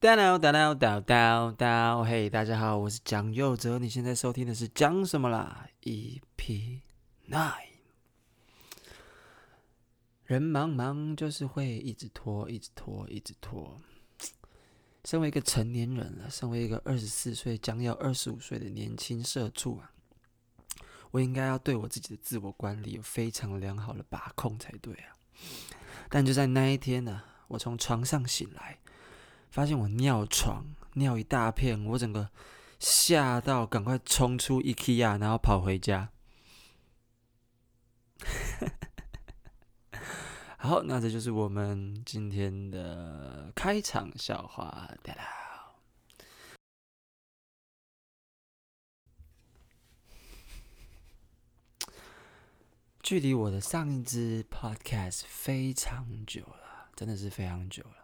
down down down down down 嘿，大家好，我是蔣佑哲，你現在收聽的是《蔣什麼啦》EP Nine。人茫茫，就是會一直拖，一直拖，一直拖。身為一個成年人了，身為一個二十四歲將要二十五歲的年輕社畜啊，我應該要對我自己的自我管理有非常良好的把控才對啊。但就在那一天呢，啊，我從床上醒來。發現我尿床，尿一大片，我整個嚇到，趕快衝出 IKEA 然後跑回家。 好，那這就是我們今天的開場笑話。噠啦，距離我的上一支 Podcast 非常久了，真的是非常久了。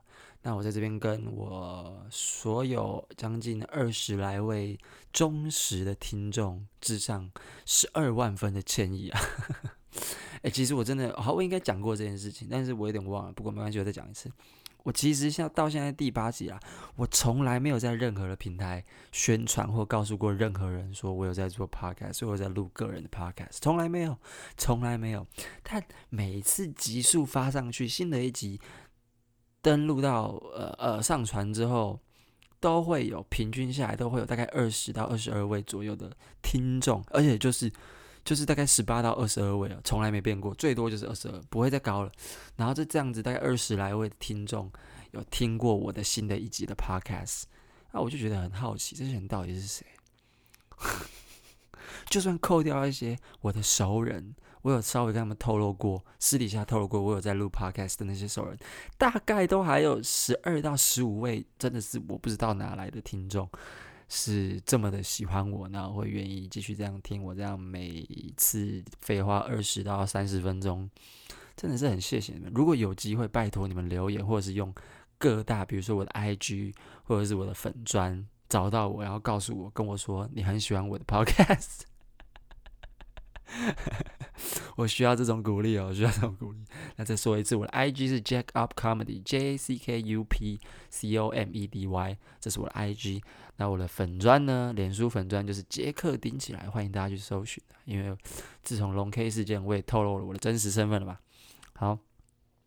那我在這邊跟我所有將近二十來位忠實的聽眾，致上十二萬分的歉意啊！ 誒、欸，其實我真的，好、哦，我應該講過這件事情，但是我有點忘了。不過沒關係，我再講一次。我其實像到現在第八集啊，我從來沒有在任何的平台宣傳或告訴過任何人說我有在做 podcast，所以我有在錄個人的 podcast，從來沒有，從來沒有。但每次集數發上去，新的一集。登錄到呃呃上傳之後，都會有平均下來都會有大概二十到二十二位左右的聽眾，而且就是就是大概十八到二十二位了，從來沒變過，最多就是二十二，不會再高了。然後就這樣子，大概二十來位的聽眾有聽過我的新的一集的 Podcast，那我就覺得很好奇，這些人到底是誰？就算扣掉一些我的熟人，我有稍微跟他們透露過，私底下透露過，我有在錄 podcast 的那些熟人，大概都還有十二到十五位，真的是我不知道哪來的聽眾，是這麼的喜歡我，呢我會願意繼續這樣聽我這樣每次廢話二十到三十分鐘，真的是很謝謝你們。如果有機會，拜托你們留言，或者是用各大比如說我的 IG 或者是我的粉專找到我，然後告訴我，跟我說你很喜歡我的 podcast。 我需要這種鼓勵哦，我需要這種鼓勵。 那再說一次，我的 IG 是 Jack Up Comedy，J A C K U P C O M E D Y，這是我的 IG。那我的粉專呢？臉書粉專就是傑克頂起來，歡迎大家去搜尋。因為自從龍 K 事件，我也透露了我的真實身份了吧？好，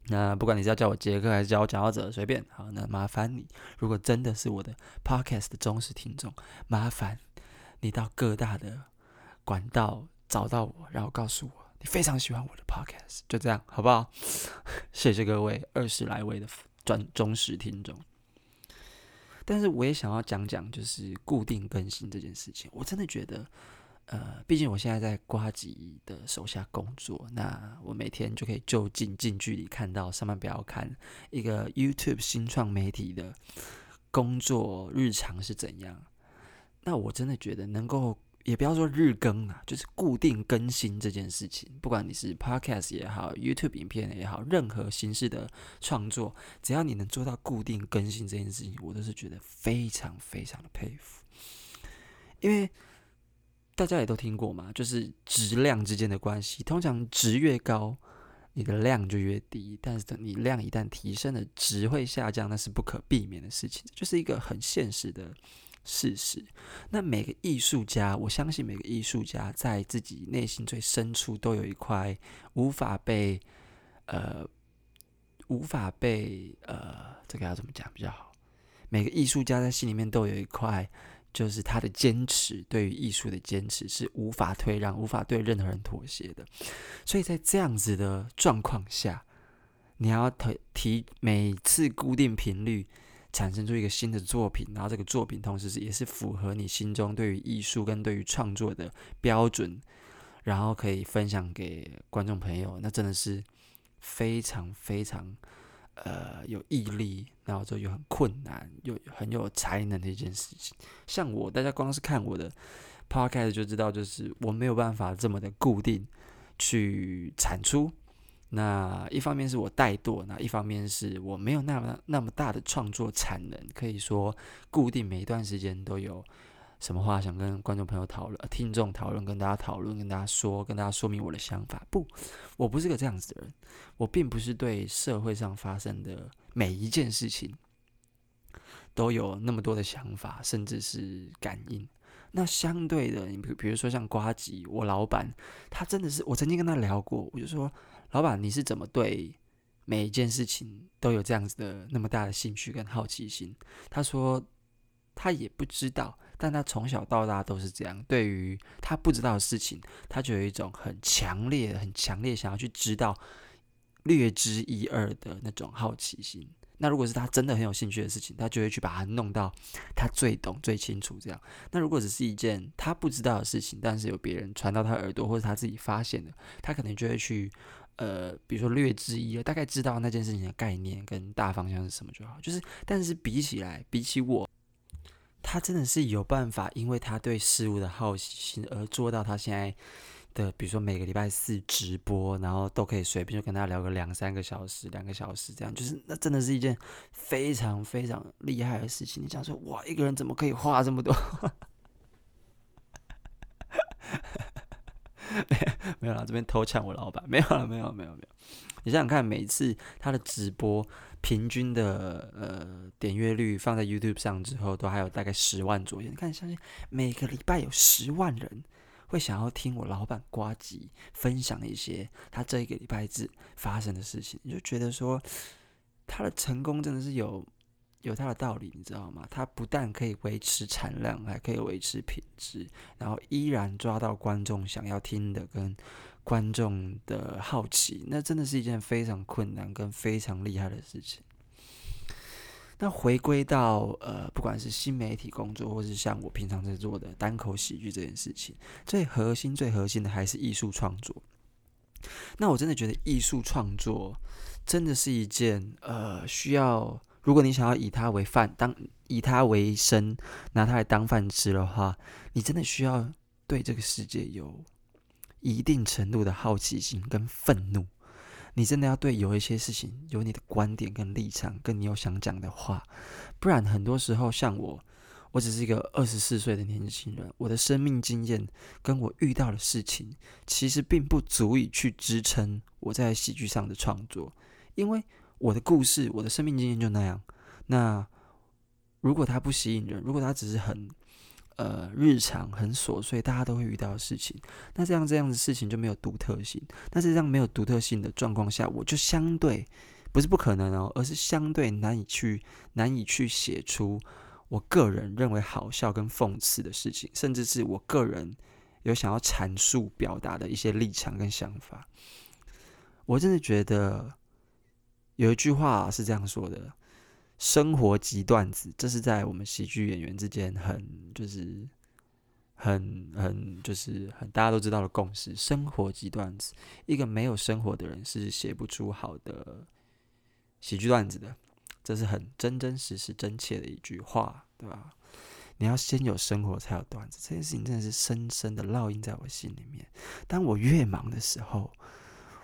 那不管你是要叫我傑克還是叫我講道者，隨便。好，那麻煩你，如果真的是我的 Podcast 的忠實聽眾，麻煩你到各大的管道。找到我，然後告訴我你非常喜歡我的 podcast，就這樣，好不好？ 謝謝各位二十來位的專忠實聽眾。但是我也想要講講，就是固定更新這件事情，我真的覺得，呃，畢竟我現在在呱吉的手下工作，那我每天就可以就近近距離看到，上班不要看一個 YouTube 新創媒體的工作日常是怎樣。那我真的覺得能夠。也不要說日更啊，就是固定更新這件事情，不管你是 Podcast 也好，YouTube 影片也好，任何形式的創作，只要你能做到固定更新這件事情，我都是覺得非常非常的佩服。因為大家也都聽過嘛，就是質量之間的關係，通常質越高，你的量就越低；但是等你量一旦提升了，質會下降，那是不可避免的事情，就是一個很現實的事實。那每個藝術家，我相信每個藝術家在自己內心最深處都有一塊無法被呃無法被呃，這個要怎麼講比較好？每個藝術家在心裡面都有一塊，就是他的堅持，對於藝術的堅持是無法退讓、無法對任何人妥協的。所以在這樣子的狀況下，你要提提每次固定頻率。產生出一個新的作品，然後這個作品同時是也是符合你心中對於藝術跟對於創作的標準，然後可以分享給觀眾朋友，那真的是非常非常呃有毅力，然後就又很困難又很有才能的一件事情。像我，大家光是看我的 podcast 就知道，就是我沒有辦法這麼的固定去產出。那一方面是我怠惰，那一方面是我沒有那麼那麼大的創作產能。可以說，固定每一段時間都有什麼話想跟觀眾朋友討論、聽眾討論、跟大家討論、跟大家說、跟大家說明我的想法。不，我不是個這樣子的人。我並不是對社會上發生的每一件事情都有那麼多的想法，甚至是感應。那相對的，你比如說像呱吉，我老闆，他真的是，我曾經跟他聊過，我就說。老闆，你是怎麼對每一件事情都有這樣子的那麼大的興趣跟好奇心？他說他也不知道，但他從小到大都是這樣。對於他不知道的事情，他就有一種很強烈、很強烈想要去知道略知一二的那種好奇心。那如果是他真的很有興趣的事情，他就會去把它弄到他最懂、最清楚這樣。那如果只是一件他不知道的事情，但是有別人傳到他耳朵，或是他自己發現的，他可能就會去。呃，比如說略知一，大概知道那件事情的概念跟大方向是什麼就好。就是，但是比起來，比起我，他真的是有辦法，因為他對事物的好奇心而做到他現在的，比如說每個禮拜四直播，然後都可以隨便就跟他聊個兩三個小時，兩個小時這樣。就是那真的是一件非常非常厲害的事情。你想說，哇，一個人怎麼可以畫這麼多？ 沒有，沒有了，這邊偷嗆我老闆，沒有了，沒有沒有沒有。你想想看，每次他的直播平均的呃點閱率放在 YouTube 上之後，都還有大概十萬左右。你看，相信每個禮拜有十萬人會想要聽我老闆呱吉分享一些他這一個禮拜之發生的事情，你就覺得說他的成功真的是有。有它的道理，你知道嗎？它不但可以維持產量，還可以維持品質，然後依然抓到觀眾想要聽的跟觀眾的好奇，那真的是一件非常困難跟非常厲害的事情。那回歸到呃，不管是新媒體工作，或是像我平常在做的單口喜劇這件事情，最核心、最核心的還是藝術創作。那我真的覺得藝術創作真的是一件呃需要。如果你想要以它為飯當以它為生，拿它來當飯吃的話，你真的需要對這個世界有一定程度的好奇心跟憤怒。你真的要對有一些事情有你的觀點跟立場，跟你有想講的話。不然，很多時候像我，我只是一個二十四歲的年輕人，我的生命經驗跟我遇到的事情，其實並不足以去支撐我在喜劇上的創作，因為。我的故事，我的生命經驗就那樣。那如果它不吸引人，如果它只是很呃日常、很瑣碎，大家都會遇到的事情，那這樣這樣的事情就沒有獨特性。那這樣沒有獨特性的狀況下，我就相對不是不可能哦，而是相對難以去、難以去寫出我個人認為好笑跟諷刺的事情，甚至是我個人有想要闡述、表達的一些立場跟想法。我真的覺得。有一句話是這樣說的：“生活即段子。”這是在我們喜劇演員之間很就是很很就是很大家都知道的共識。生活即段子，一個沒有生活的人是寫不出好的喜劇段子的。這是很真真實實真切的一句話，對吧？你要先有生活，才有段子。這件事情真的是深深的烙印在我心裡面。當我越忙的時候，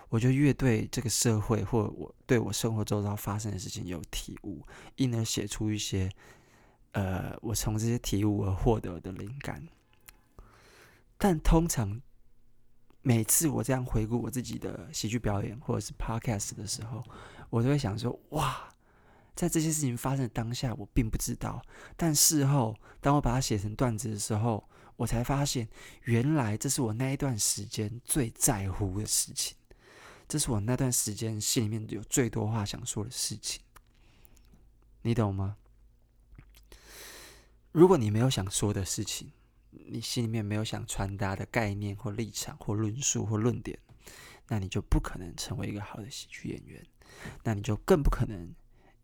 我就越對這個社會，或我對我生活周遭發生的事情有體悟，因而寫出一些，呃，我從這些體悟而獲得的靈感。但通常，每次我這樣回顧我自己的喜劇表演或者是 podcast 的時候，我都會想說：“哇，在這些事情發生的當下，我並不知道。但事後，當我把它寫成段子的時候，我才發現，原來這是我那一段時間最在乎的事情。”這是我那段時間心裡面有最多話想說的事情，你懂嗎？如果你沒有想說的事情，你心裡面沒有想傳達的概念或立場或論述或論點，那你就不可能成為一個好的喜劇演員，那你就更不可能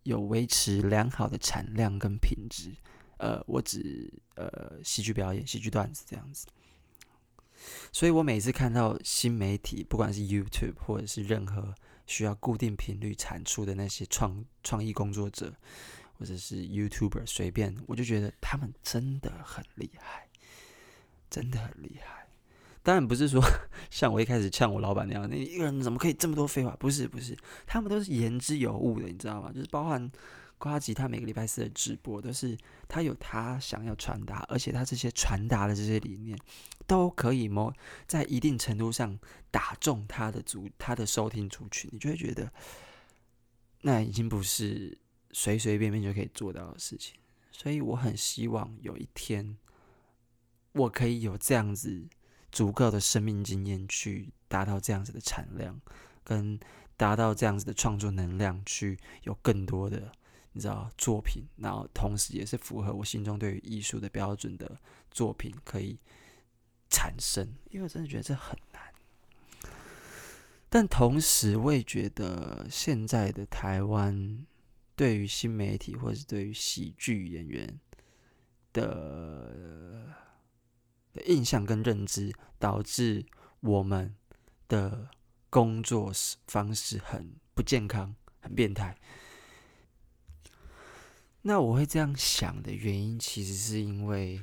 有維持良好的產量跟品質。呃，我只呃，喜劇表演、喜劇段子這樣子。所以，我每次看到新媒體，不管是 YouTube 或者是任何需要固定頻率產出的那些創創意工作者，或者是 YouTuber，隨便，我就覺得他們真的很厲害，真的很厲害。當然不是說像我一開始嗆我老闆那樣，你一個人怎麼可以這麼多廢話？不是，不是，他們都是言之有物的，你知道嗎？就是包含。呱吉他每個禮拜四的直播，都是他有他想要傳達，而且他這些傳達的這些理念，都可以摸，在一定程度上打中他的主，他的收聽族群，你就會覺得那已經不是隨隨便便就可以做到的事情。所以，我很希望有一天我可以有這樣子足夠的生命經驗，去達到這樣子的產量，跟達到這樣子的創作能量，去有更多的。你知道作品，然後同時也是符合我心中對於藝術的標準的作品可以產生，因為我真的覺得這很難。但同時我也覺得現在的台灣對於新媒體或者是對於喜劇演員的的印象跟認知，導致我們的工作方式很不健康，很變態。那我會這樣想的原因，其實是因為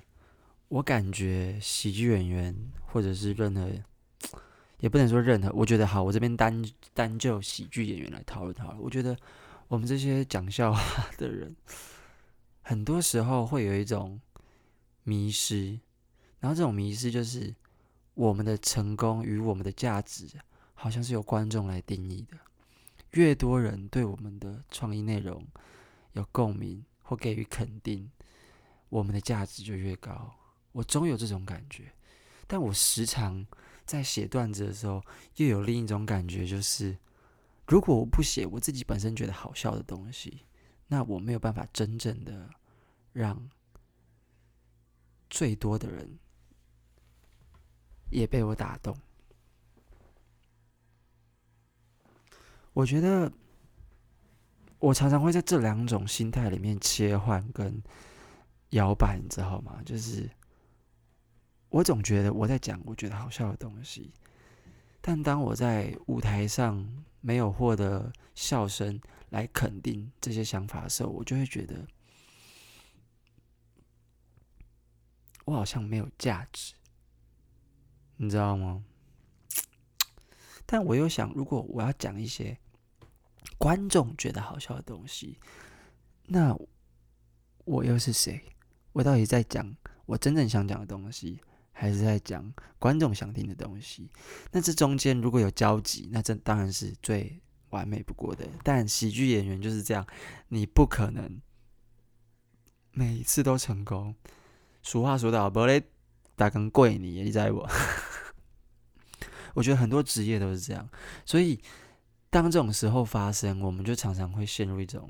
我感覺喜劇演員，或者是任何，也不能說任何。我覺得好，我這邊單單就喜劇演員來討論討論。我覺得我們這些講笑話的人，很多時候會有一種迷失，然後這種迷失就是我們的成功與我們的價值，好像是由觀眾來定義的。越多人對我們的創意內容有共鳴。或給予肯定，我們的價值就越高。我總有這種感覺，但我時常在寫段子的時候，又有另一種感覺，就是如果我不寫我自己本身覺得好笑的東西，那我沒有辦法真正的讓最多的人也被我打動。我覺得。我常常會在這兩種心態裡面切換跟搖擺，你知道嗎？就是我總覺得我在講我覺得好笑的東西，但當我在舞台上沒有獲得笑聲來肯定這些想法的時候，我就會覺得我好像沒有價值，你知道嗎？但我又想，如果我要講一些……觀眾覺得好笑的東西，那我又是誰？我到底在講我真正想講的東西，還是在講觀眾想聽的東西？那這中間如果有交集，那這當然是最完美不過的。但喜劇演員就是這樣，你不可能每一次都成功。俗話說得好 b 打更貴”，你你在我。 我覺得很多職業都是這樣，所以。當這種時候發生，我們就常常會陷入一種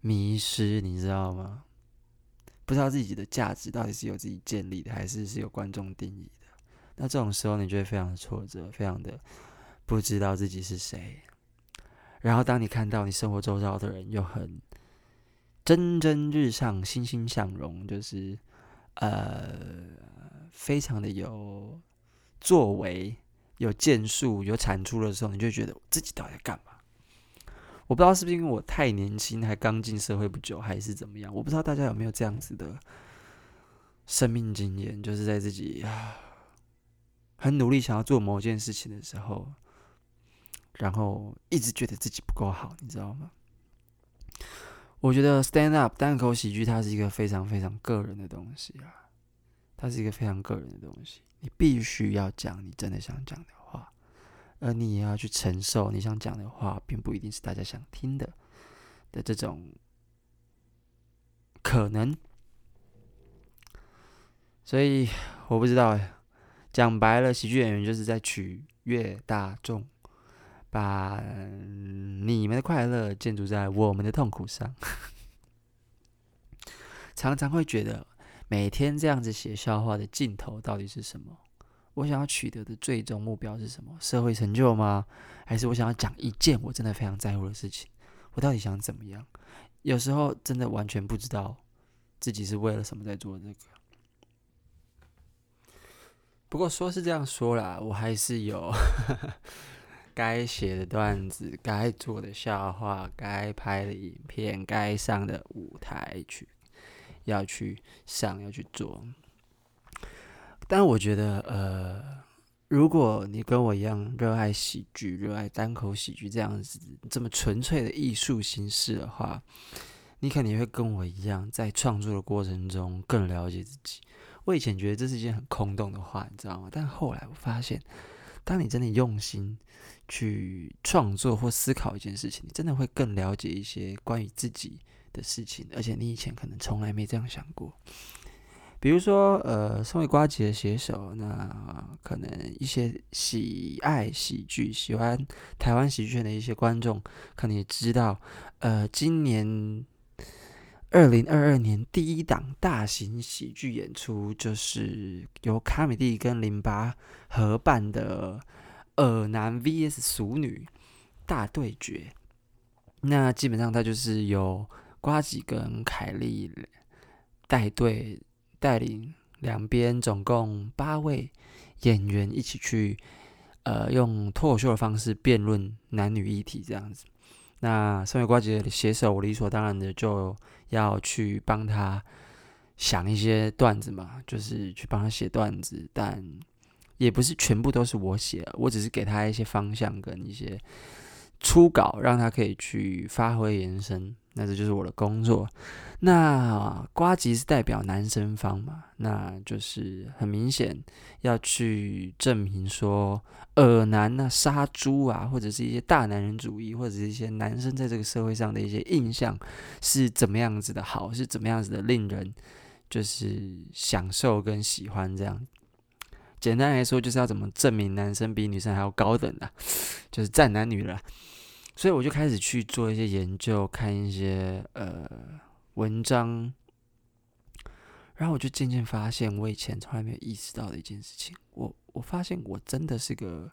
迷失，你知道嗎？不知道自己的價值到底是由自己建立的，還是是由觀眾定義的？那這種時候，你就會非常的挫折，非常的不知道自己是誰。然後，當你看到你生活周遭的人又很蒸蒸日上、欣欣向榮，就是呃，非常的有作為。有建樹、有產出的時候，你就覺得自己到底在幹嘛？我不知道是不是因為我太年輕，還剛進社會不久，還是怎麼樣？我不知道大家有沒有這樣子的生命經驗，就是在自己很努力想要做某件事情的時候，然後一直覺得自己不夠好，你知道嗎？我覺得 stand up 單口喜劇，它是一個非常非常個人的東西啊。它是一個非常個人的東西，你必須要講你真的想講的話，而你也要去承受你想講的話並不一定是大家想聽的的這種可能。所以我不知道，講白了，喜劇演員就是在取悅大眾，把你們的快樂建築在我們的痛苦上， 常常會覺得。每天這樣子寫笑話的盡頭到底是什麼？我想要取得的最終目標是什麼？社會成就嗎？還是我想要講一件我真的非常在乎的事情？我到底想怎麼樣？有時候真的完全不知道自己是為了什麼在做這個。不過說是這樣說啦，我還是有該 寫的段子、該做的笑話、該拍的影片、該上的舞台劇。要去想，要去做。但我覺得，呃，如果你跟我一樣熱愛喜劇，熱愛單口喜劇這樣子這麼純粹的藝術形式的話，你肯定會跟我一樣，在創作的過程中更了解自己。我以前覺得這是一件很空洞的話，你知道嗎？但後來我發現，當你真的用心去創作或思考一件事情，你真的會更了解一些關於自己。的事情，而且你以前可能從來沒這樣想過。比如說，呃，身為瓜姐的寫手，那可能一些喜愛喜劇、喜歡台灣喜劇圈的一些觀眾，可能也知道，呃，今年二零二二年第一檔大型喜劇演出，就是由卡米蒂跟林巴合辦的《惡男 VS 俗女》大對決。那基本上，它就是有。呱吉跟凱莉帶隊，帶領兩邊總共八位演員一起去，呃，用脫口秀的方式辯論男女議題這樣子。那身為呱吉的寫手，我理所當然的就要去幫他想一些段子嘛，就是去幫他寫段子，但也不是全部都是我寫，我只是給他一些方向跟一些初稿，讓他可以去發揮延伸。那這就是我的工作。那呱吉是代表男生方嘛，那就是很明顯要去證明說，噁男吶，殺豬啊，或者是一些大男人主義，或者是一些男生在這個社會上的一些印象是怎麼樣子的，好，是怎麼樣子的令人就是享受跟喜歡這樣。簡單來說，就是要怎麼證明男生比女生還要高等啊，就是戰男女了。所以我就開始去做一些研究，看一些呃，文章，然後我就漸漸發現，我以前從來沒有意識到的一件事情，我我發現我真的是個，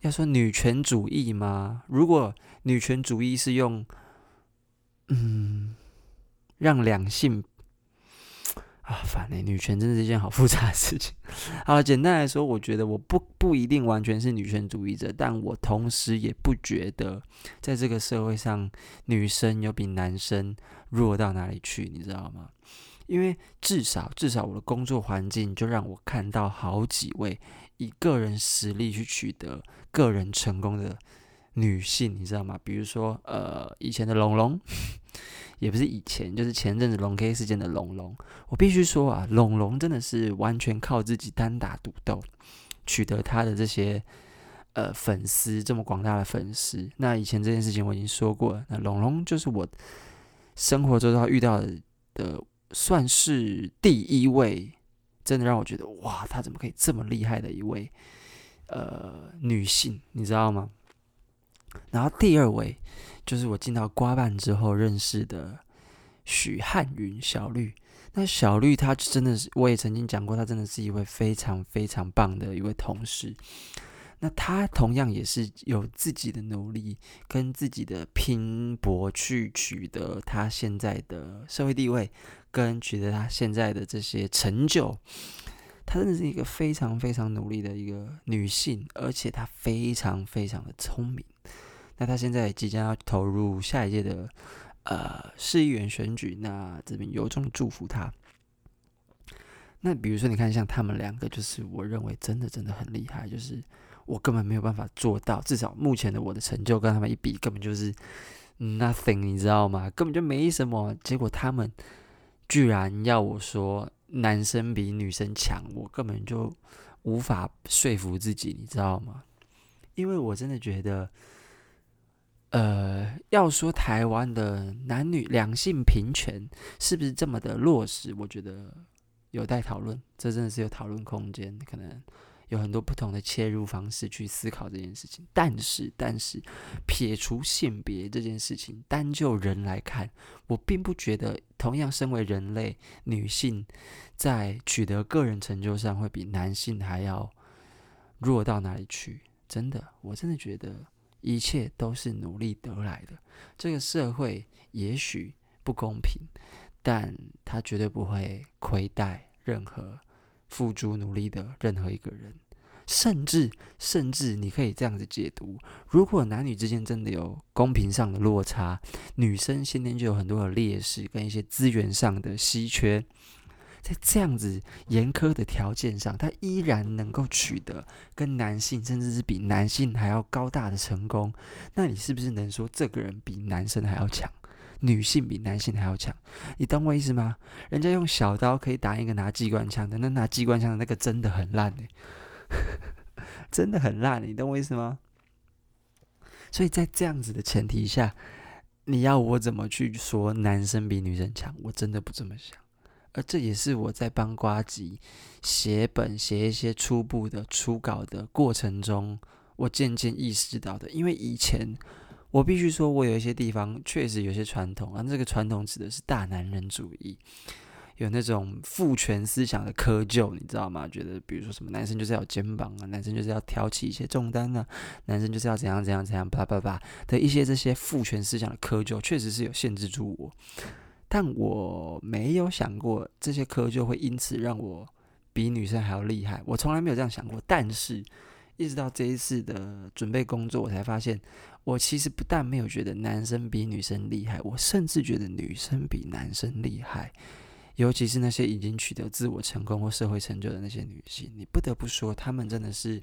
要說女權主義嗎？如果女權主義是用，嗯，讓兩性。啊，煩哎、欸！女權真的是一件好複雜的事情。 好，簡單來說，我覺得我不不一定完全是女權主義者，但我同時也不覺得在這個社會上，女生有比男生弱到哪裡去，你知道嗎？因為至少至少我的工作環境就讓我看到好幾位以個人實力去取得個人成功的。女性，你知道嗎？比如說，呃，以前的龍龍，也不是以前，就是前陣子龍 K 事件的龍龍。我必須說啊，龍龍真的是完全靠自己單打獨鬥，取得他的這些呃粉絲，這麼廣大的粉絲。那以前這件事情我已經說過了。那龍龍就是我生活中遇到的、的，算是第一位，真的讓我覺得哇，他怎麼可以這麼厲害的一位呃女性，你知道嗎？然後第二位就是我進到瓜辦之後認識的許漢雲小綠。那小綠她真的是，我也曾經講過，她真的是一位非常非常棒的一位同事。那她同樣也是有自己的努力跟自己的拼搏去取得她現在的社會地位，跟取得她現在的這些成就。她真的是一個非常非常努力的一個女性，而且她非常非常的聰明。那他現在即將要投入下一屆的呃市議員選舉，那這邊由衷祝福他。那比如說，你看像他們兩個，就是我認為真的真的很厲害，就是我根本沒有辦法做到，至少目前的我的成就跟他們一比，根本就是 nothing，你知道嗎？根本就沒什麼。結果他們居然要我說男生比女生強，我根本就無法說服自己，你知道嗎？因為我真的覺得。呃，要說臺灣的男女兩性平權是不是這麼的落實，我覺得有待討論。這真的是有討論空間，可能有很多不同的切入方式去思考這件事情。但是，但是撇除性別這件事情，單就人來看，我並不覺得，同樣身為人類，女性在取得個人成就上會比男性還要弱到哪裡去。真的，我真的覺得。一切都是努力得來的。這個社會也許不公平，但他絕對不會虧待任何付出努力的任何一個人。甚至，甚至你可以這樣子解讀：如果男女之間真的有公平上的落差，女生先天就有很多的劣勢跟一些資源上的稀缺。在這樣子嚴苛的條件上，他依然能夠取得跟男性，甚至是比男性還要高大的成功。那你是不是能說這個人比男生還要強？女性比男性還要強？你懂我意思嗎？人家用小刀可以打一個拿機關槍的，那拿機關槍的那個真的很爛呢、欸， 真的很爛。你懂我意思嗎？所以在這樣子的前提下，你要我怎麼去說男生比女生強？我真的不這麼想。而這也是我在幫呱吉寫本、寫一些初步的初稿的過程中，我漸漸意識到的。因為以前我必須說，我有一些地方確實有些傳統啊。這個傳統指的是大男人主義，有那種父權思想的窠臼，你知道嗎？覺得比如說什麼男生就是要肩膀啊，男生就是要挑起一些重擔啊，男生就是要怎樣怎樣怎樣，啪啪啪的一些這些父權思想的窠臼，確實是有限制住我。但我沒有想過這些科就會因此讓我比女生還要厲害，我從來沒有這樣想過。但是，一直到這一次的準備工作，我才發現，我其實不但沒有覺得男生比女生厲害，我甚至覺得女生比男生厲害。尤其是那些已經取得自我成功或社會成就的那些女性，你不得不說，他們真的是，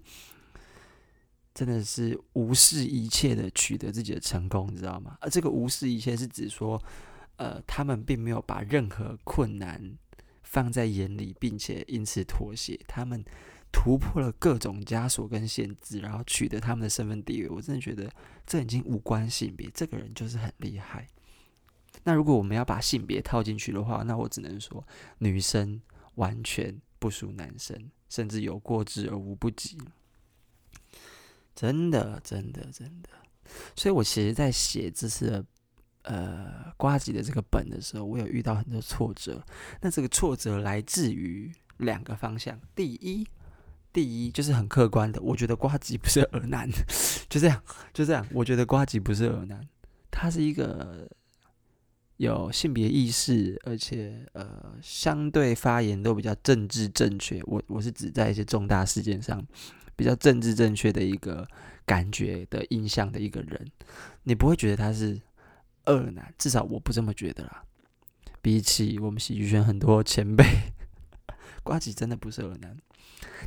真的是無視一切的取得自己的成功，你知道嗎？而這個無視一切是指說。呃，他們並沒有把任何困難放在眼裡，並且因此妥協。他們突破了各種枷鎖跟限制，然後取得他們的身份地位。我真的覺得這已經無關性別，這個人就是很厲害。那如果我們要把性別套進去的話，那我只能說女生完全不輸男生，甚至有過之而無不及。真的，真的，真的。所以，我其實在寫這是。呃，呱吉的這個本的時候，我有遇到很多挫折。那這個挫折來自於兩個方向。第一，第一就是很客觀的，我覺得呱吉不是噁男， 就這樣，就這樣。我覺得呱吉不是噁男，他是一個有性別意識，而且呃，相對發言都比較政治正確。我我是指在一些重大事件上比較政治正確的一個感覺的印象的一個人，你不會覺得他是。噁男，至少我不這麼覺得啦。比起我們喜劇圈很多前輩，呱吉真的不是噁男，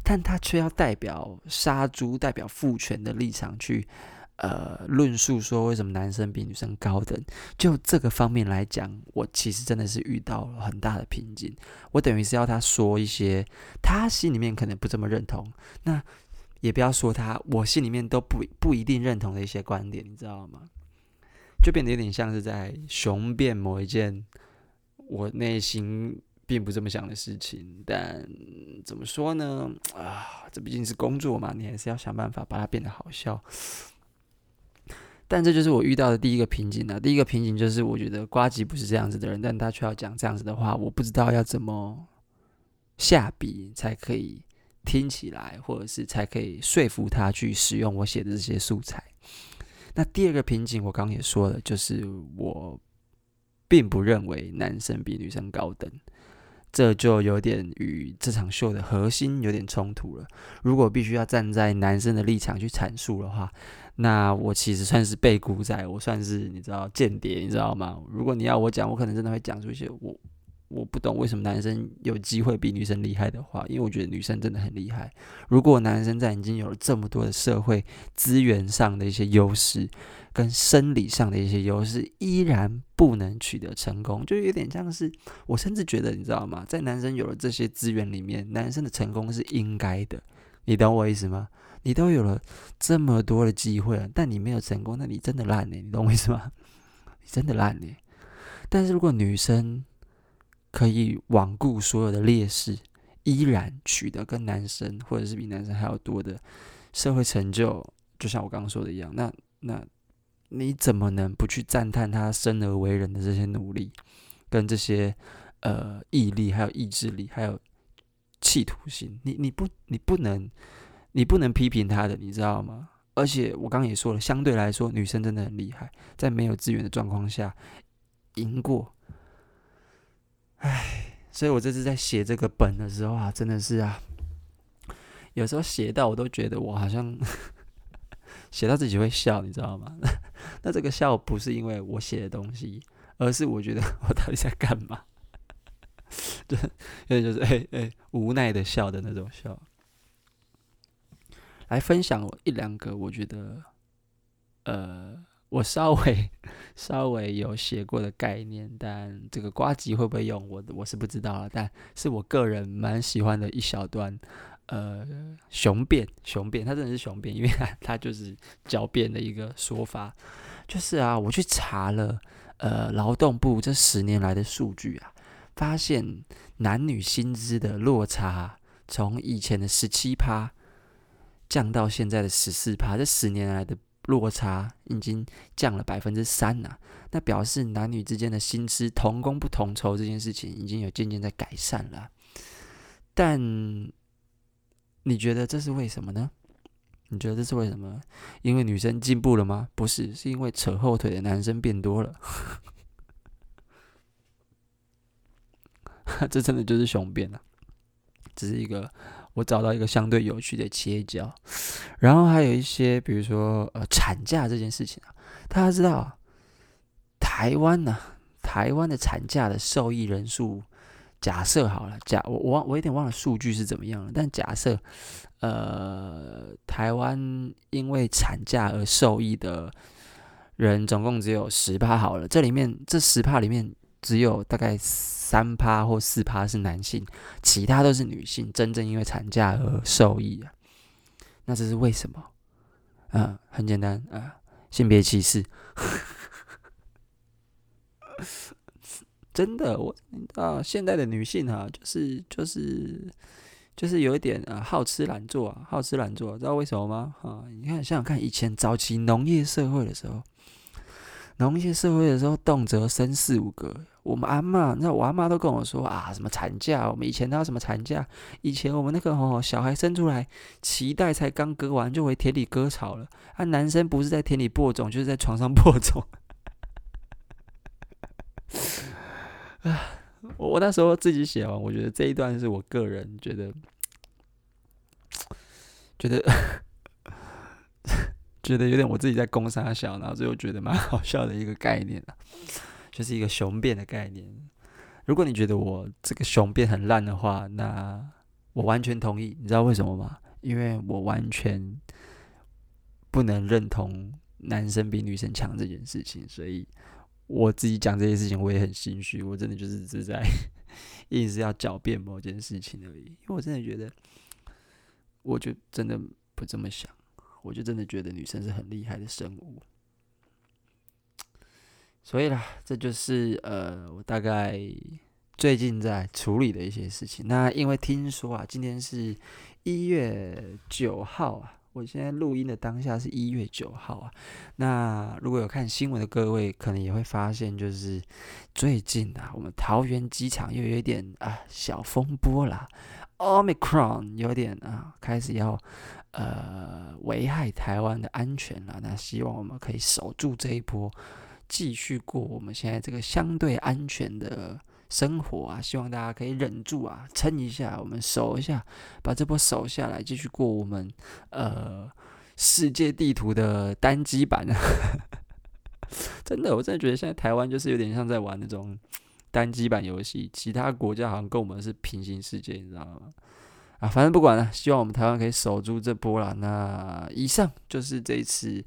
但他卻要代表沙豬、代表父權的立場去，呃，論述說為什麼男生比女生高等。就這個方面來講，我其實真的是遇到了很大的瓶頸。我等於是要他說一些他心裡面可能不這麼認同，那也不要說他，我心裡面都不不一定認同的一些觀點，你知道嗎？就變得有點像是在雄辯某一件我內心並不這麼想的事情，但怎麼說呢？啊，這畢竟是工作嘛，你還是要想辦法把它變得好笑。但這就是我遇到的第一個瓶頸了，啊。第一個瓶頸就是，我覺得呱吉不是這樣子的人，但他卻要講這樣子的話，我不知道要怎麼下筆才可以聽起來，或者是才可以說服他去使用我寫的這些素材。那第二個瓶頸，我剛剛也說了，就是我並不認為男生比女生高等，這就有點與這場秀的核心有點衝突了。如果我必須要站在男生的立場去闡述的話，那我其實算是被僱仔，我算是你知道間諜，你知道嗎？如果你要我講，我可能真的會講出一些我。我不懂為什麼男生有機會比女生厲害的話，因為我覺得女生真的很厲害。如果男生在已經有了這麼多的社會資源上的一些優勢，跟生理上的一些優勢，依然不能取得成功，就有點像是我甚至覺得，你知道嗎？在男生有了這些資源裡面，男生的成功是應該的。你懂我意思嗎？你都有了這麼多的機會了啊，但你沒有成功，那你真的爛欸！你懂我意思嗎？你真的爛咧欸！但是如果女生……可以罔顧所有的劣勢，依然取得跟男生或者是比男生還要多的社會成就，就像我剛剛說的一樣，那那你怎麼能不去讚嘆他生而為人的這些努力，跟這些呃毅力，還有意志力，還有企圖心？你你不你不能你不能批評他的，你知道嗎？而且我剛剛也說了，相對來說，女生真的很厲害，在沒有資源的狀況下贏過。哎，所以我這次在寫這個本的時候啊，真的是啊，有時候寫到我都覺得我好像寫 到自己會笑，你知道嗎？ 那這個笑不是因為我寫的東西，而是我覺得我到底在幹嘛？就 就是哎哎、就是欸欸、無奈的笑的那種笑。來分享一兩個，我覺得呃。我稍微稍微有寫過的概念，但這個呱吉會不會用，我我是不知道了。但是，我個人蠻喜歡的一小段，呃，雄辯雄辯，它真的是雄辯，因為它它就是狡辯的一個說法。就是啊，我去查了，呃，勞動部這十年來的數據啊，發現男女薪資的落差從以前的十七趴降到現在的十四趴，這十年來的。落差已經降了百分之三吶，那表示男女之間的薪資同工不同酬這件事情已經有漸漸在改善了。但你覺得這是為什麼呢？你覺得這是為什麼？因為女生進步了嗎？不是，是因為扯後腿的男生變多了。 這真的就是雄辯了，只是一個。我找到一個相對有趣的切角，然後還有一些，比如說呃產假這件事情啊，大家知道台灣吶、啊，台灣的產假的受益人數，假設好了，假我我我有點忘了數據是怎麼樣了，但假設呃台灣因為產假而受益的人總共只有十趴好了，這裡面這十趴裡面。只有大概三趴或四趴是男性，其他都是女性，真正因為產假而受益啊。那這是為什麼？啊，很簡單啊，性別歧視。 真的，我啊，現代的女性啊，就是就是就是有一點啊，好吃懶做啊，好吃懶做啊，知道為什麼嗎？啊，你看想想看以前早期農業社會的時候，農業社會的時候，動輒生四五個。我們阿嬤，那我阿嬤都跟我說啊，什麼產假？我們以前都要什麼產假？以前我們那個、哦、小孩生出來臍帶才剛割完，就回田裡割草了。啊，男生不是在田裡播種，就是在床上播種。 我，我那時候自己寫完，我覺得這一段是我個人覺得，覺得 覺得有點我自己在公殺小腦，所以我覺得蠻好笑的一個概念啊。就是一個雄辯的概念。如果你覺得我這個雄辯很爛的話，那我完全同意。你知道為什麼嗎？因為我完全不能認同男生比女生強這件事情，所以我自己講這些事情我也很心虛。我真的就是只在一直要狡辯某件事情而已。因為我真的覺得，我就真的不這麼想。我就真的覺得女生是很厲害的生物。所以啦，這就是呃，我大概最近在處理的一些事情。那因為聽說啊，今天是一月九號啊，我現在錄音的當下是一月九號啊。那如果有看新聞的各位，可能也會發現，就是最近啊，我們桃園機場又有一點啊小風波啦，Omicron 有點啊開始要呃危害台灣的安全啦。那希望我們可以守住這一波。繼續過我們現在這個相對安全的生活啊，希望大家可以忍住啊，撐一下，我們守一下，把這波守下來，繼續過我們呃世界地圖的單機版。 真的，我真的覺得現在台灣就是有點像在玩那種單機版遊戲，其他國家好像跟我們是平行世界，你知道嗎？啊，反正不管了，希望我們台灣可以守住這波啦。那以上就是這一次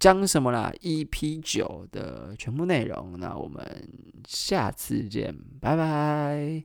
講什麼啦，EP9 的全部內容。那我們下次見，拜拜。